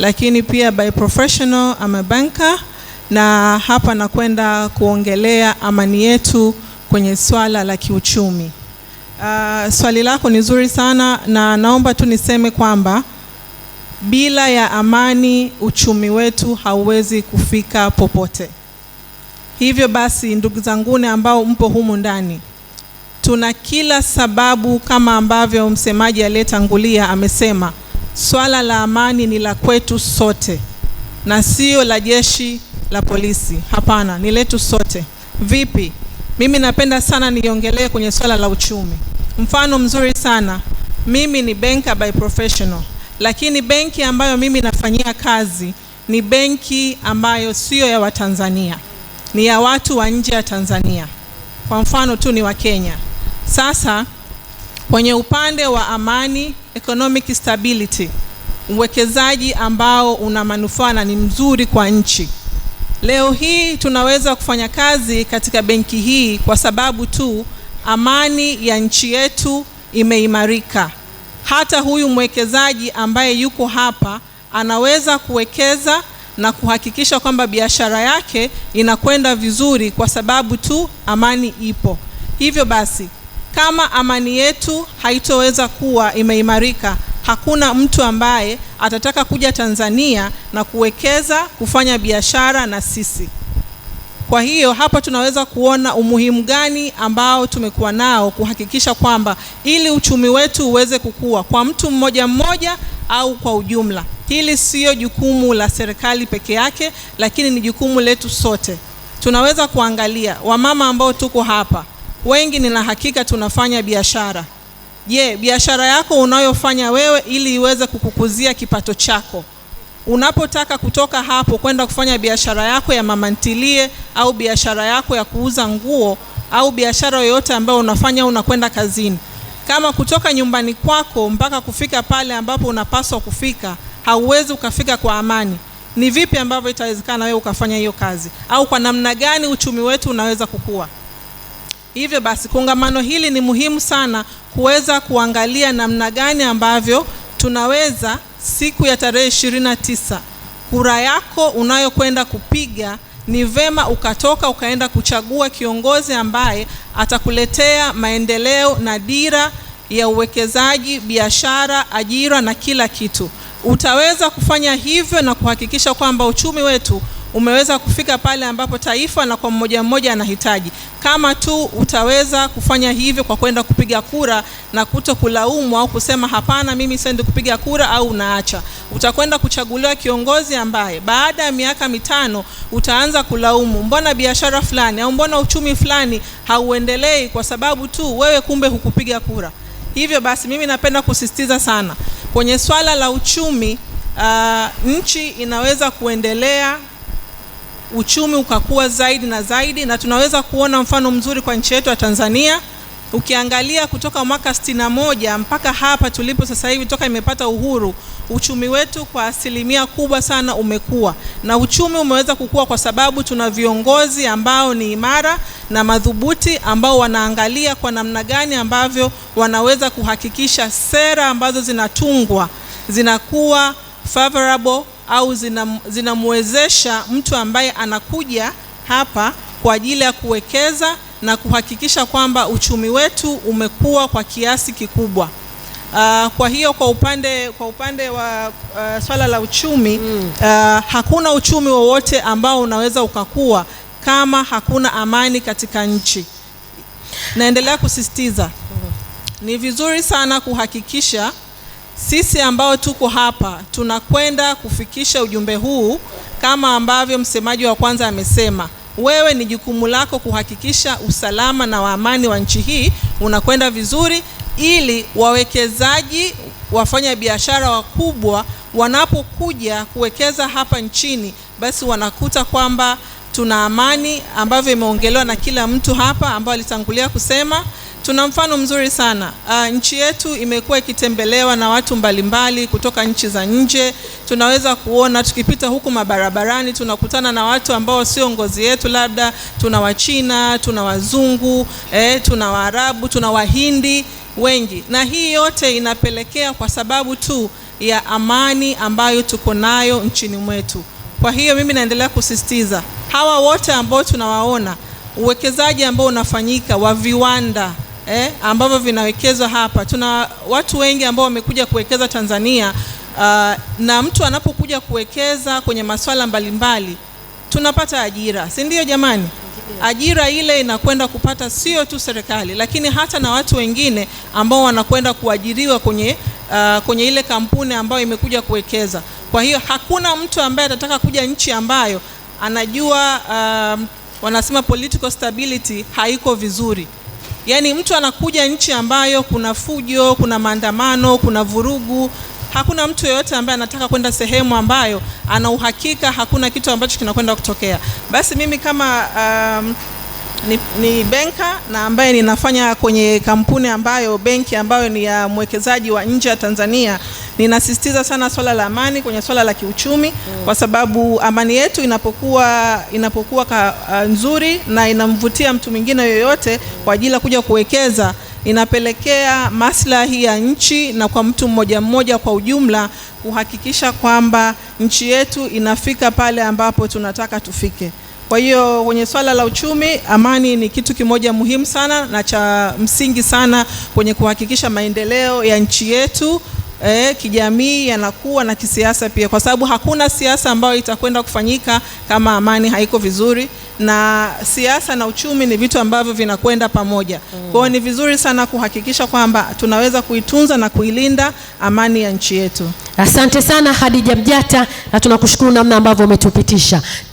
lakini pia by professional I'm a banker, na hapa nakwenda kuongelea amani yetu kwenye swala la kiuchumi. Uh, swali lako ni zuri sana na naomba tu niseme kwamba bila ya amani uchumi wetu hauwezi kufika popote. Hivyo basi, ndugu zanguni ambao mpo humu ndani, tuna kila sababu kama ambavyo msemaji aliyetangulia amesema swala la amani ni la kwetu sote na sio la jeshi la polisi. Hapana, ni letu sote. Vipi? Mimi napenda sana niongelee kwenye swala la uchumi. Mfano mzuri sana, mimi ni banker by professional, lakini benki ambayo mimi nafanyia kazi ni benki ambayo siyo ya Watanzania, ni ya watu wa nje ya Tanzania. Kwa mfano tu ni wa Kenya. Sasa kwenye upande wa amani economic stability, uwekezaji ambao una manufaa na ni mzuri kwa nchi. Leo hii tunaweza kufanya kazi katika benki hii kwa sababu tu amani ya nchi yetu imeimarika. Hata huyu mwekezaji ambaye yuko hapa anaweza kuwekeza na kuhakikisha kwamba biashara yake inakwenda vizuri kwa sababu tu amani ipo. Hivyo basi kama amani yetu haitoweza kuwa imeimarika, hakuna mtu ambaye atataka kuja Tanzania na kuwekeza kufanya biashara na sisi. Kwa hiyo hapa tunaweza kuona umuhimu gani ambao tumekuwa nao kuhakikisha kwamba ili uchumi wetu uweze kukua kwa mtu mmoja mmoja au kwa ujumla. Hili sio jukumu la serikali peke yake, lakini ni jukumu letu sote. Tunaweza kuangalia wamama ambao tuko hapa wengi la hakika tunafanya biashara. Je, biashara yako unayofanya wewe ili iweze kukukuzia kipato chako unapotaka kutoka hapo kwenda kufanya biashara yako ya mama ntilie au biashara yako ya kuuza nguo au biashara yoyote ambayo unafanya unakwenda kazini, kama kutoka nyumbani kwako mpaka kufika pale ambapo unapaswa kufika, hauwezi ukafika kwa amani, ni vipi ambavyo itawezekana wewe ukafanya hiyo kazi, au kwa namna gani uchumi wetu unaweza kukua? Hivyo basi kongamano hili ni muhimu sana kuweza kuangalia namna gani ambavyo tunaweza siku ya tarehe ishirini na tisa kura yako unayokwenda kupiga ni vema ukatoka ukaenda kuchagua kiongozi ambaye atakuletea maendeleo na dira ya uwekezaji, biashara, ajira na kila kitu. Utaweza kufanya hivyo na kuhakikisha kwamba uchumi wetu umeweza kufika pale ambapo taifa na kwa mmoja mmoja anahitaji. Kama tu utaweza kufanya hivyo kwa kwenda kupiga kura na kuto kulaumu au kusema hapana, mimi siendi kupiga kura au unaacha, utakwenda kuchaguliwa kiongozi ambaye baada ya miaka mitano utaanza kulaumu, mbona biashara fulani au mbona uchumi fulani hauendelei kwa sababu tu wewe kumbe hukupiga kura. Hivyo basi, mimi napenda kusisitiza sana kwenye swala la uchumi. Uh, nchi inaweza kuendelea uchumi ukakua zaidi na zaidi, na tunaweza kuona mfano mzuri kwa nchi yetu ya Tanzania. Ukiangalia kutoka mwaka sitini na moja mpaka hapa tulipo sasa hivi, toka imepata uhuru, uchumi wetu kwa asilimia kubwa sana umekuwa, na uchumi umeweza kukua kwa sababu tuna viongozi ambao ni imara na madhubuti, ambao wanaangalia kwa namna gani ambavyo wanaweza kuhakikisha sera ambazo zinatungwa zinakuwa favorable au zinamwezesha zina mtu ambaye anakuja hapa kwa ajili ya kuwekeza na kuhakikisha kwamba uchumi wetu umekuwa kwa kiasi kikubwa. Uh, kwa hiyo kwa upande, kwa upande wa uh, swala la uchumi mm. Uh, hakuna uchumi wowote ambao unaweza ukakua kama hakuna amani katika nchi. Naendelea kusisitiza, ni vizuri sana kuhakikisha sisi ambao tuko hapa tunakwenda kufikisha ujumbe huu kama ambavyo msemaji wa kwanza amesema, wewe ni jukumu lako kuhakikisha usalama na amani wa nchi hii unakwenda vizuri, ili wawekezaji, wafanya biashara wakubwa wanapokuja kuwekeza hapa nchini, basi wanakuta kwamba tuna amani ambavyo imeongelewa na kila mtu hapa ambao alitangulia kusema Tuna mfano mzuri sana. Uh, nchi yetu imekuwa ikitembelewa na watu mbalimbali kutoka nchi za nje. Tunaweza kuona tukipita huku mabarabarani tunakutana na watu ambao sio ngozi yetu, labda tuna Wachina, tuna Wazungu, eh, tuna Waarabu, tuna Wahindi wengi, na hii yote inapelekea kwa sababu tu ya amani ambayo tuko nayo nchini mwetu. Kwa hiyo mimi naendelea kusisitiza hawa wote ambao tunawaona, uwekezaji ambao unafanyika wa viwanda eh, ambavyo vinawekezwa hapa. Tuna watu wengi ambao wamekuja kuwekeza Tanzania. Uh, na mtu anapokuja kuwekeza kwenye masuala mbalimbali tunapata ajira, si ndio jamani? Ajira ile inakwenda kupata sio tu serikali, lakini hata na watu wengine ambao wanakwenda kuajiriwa kwenye, uh, kwenye ile kampuni ambayo imekuja kuwekeza. Kwa hiyo hakuna mtu ambaye atataka kuja nchi ambayo anajua, uh, wanasema political stability haiko vizuri. Yaani mtu anakuja nchi ambayo kuna fujo, kuna maandamano, kuna vurugu. Hakuna mtu yeyote ambaye anataka kwenda sehemu ambayo ana uhakika hakuna kitu ambacho kinakwenda kutokea. Basi mimi kama um, ni, ni benka na ambaye ninafanya kwenye kampuni ambayo benki ambayo ni ya mwekezaji wa nje ya Tanzania. Ninasisitiza sana swala la amani kwenye swala la kiuchumi mm. kwa sababu amani yetu inapokuwa, inapokuwa ka, uh, nzuri na inamvutia mtu mwingine yoyote kwa ajili ya kuja kuwekeza inapelekea maslahi ya nchi na kwa mtu mmoja mmoja kwa ujumla kuhakikisha kwamba nchi yetu inafika pale ambapo tunataka tufike. Kwa hiyo kwenye swala la uchumi, amani ni kitu kimoja muhimu sana na cha msingi sana kwenye kuhakikisha maendeleo ya nchi yetu eh, kijamii yanakuwa na kisiasa pia, kwa sababu hakuna siasa ambayo itakwenda kufanyika kama amani haiko vizuri, na siasa na uchumi ni vitu ambavyo vinakwenda pamoja. Mm. Kwa hiyo ni vizuri sana kuhakikisha kwamba tunaweza kuitunza na kuilinda amani ya nchi yetu. Asante sana Hadija Mjata, na tunakushukuru namna ambavyo umetupitisha.